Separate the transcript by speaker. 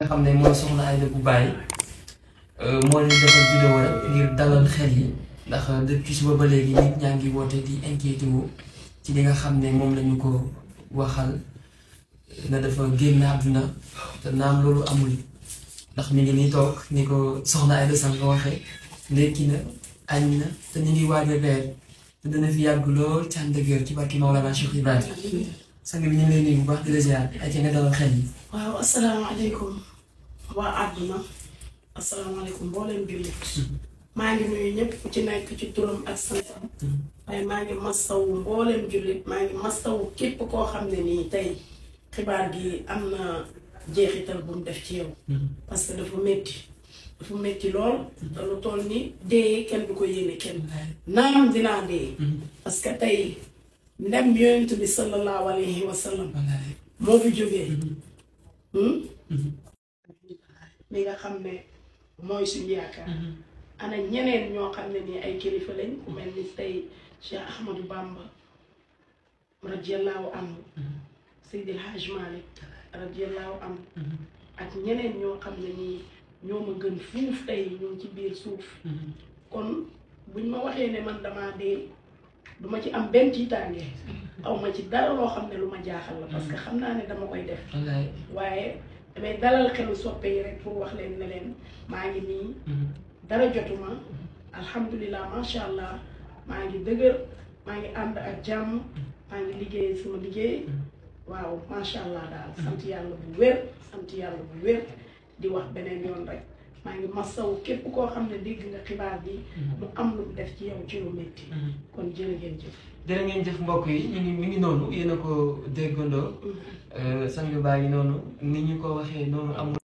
Speaker 1: nga xam ne mooy soxna Aida bu bàyyi euh, moo leen defal vidéo ngir dalal xel yi ndax depuis suba ba léegi nit ñaa ngi wootee di inquiété wu ci li nga xam ne moom lañu ko waxal na dafa génn àdduna te naam loolu amul ndax mi ngi nii toog ni ko soxna Aida sànq waxee ndekki na añ na te ñu ngi waaj a reer te dana fi yàgg lool ci ànd ci barki Mawlana Cheikh Ibrahima sa bi ñu ngi lay nuyu bu baax di la ziar ak nga xel yi.
Speaker 2: waaw asalaamaaleykum waa àdduna asalaamaaleykum mboolem bi mm-hmm. maa ngi nuyu ñëpp ku ci nekk ci turam ak santam mm-hmm. waaye maa ngi masawu mboolem jullit maa ngi masawu képp koo xam ne nii tey xibaar gi am na jeexital bu mu def ci yow. Mm-hmm. parce que dafa métti dafa métti lool. te lu toll ni dee kenn du ko yéene kenn. naam dinaa dee. parce tey. ndem yonent bi sallallahu alayhi wa moo fi jógee li mm-hmm. hmm? mm-hmm. nga xam ne mooy suñu yaakaar mm-hmm. ana ñeneen ñoo xam ne nii ay kilifa lañ ku mel ni tey Cheikh Ahmadou Bamba radiallahu anhu Seydil Haj Malick radiallahu anhu ak ñeneen ñoo xam ne nii ñoo ma gën fuuf tey ñoo ci biir suuf kon buñ ma waxee ne man damaa dee du ci am benn tiitaange aw ma ci dara loo xam ne lu ma jaaxal la parce que xam naa ne dama koy def waaye damay dalal xelu soppe yi rek pour wax leen ne leen maa ngi nii mhm. dara jotuma alhamdulilah macha allah maa ngi dëgër maa ngi ànd ak jàmm maa ngi liggéey sama liggéey mhm. waaw macha allah daal sant yàlla bu wér sant yàlla bu wér di wax beneen yoon rek maa ngi masawu képp koo xam ne dégg nga xibaar bi mhm. mu am lu mu def ci yow ci lu métti mhm. kon jërë ngeen jëf
Speaker 1: jërë ngeen jëf mbokk yi ñu ngi mi ngi noonu yéen a ko déggandoo mhm. euh, sang baa ngi noonu ni ñu ko waxee noonu amul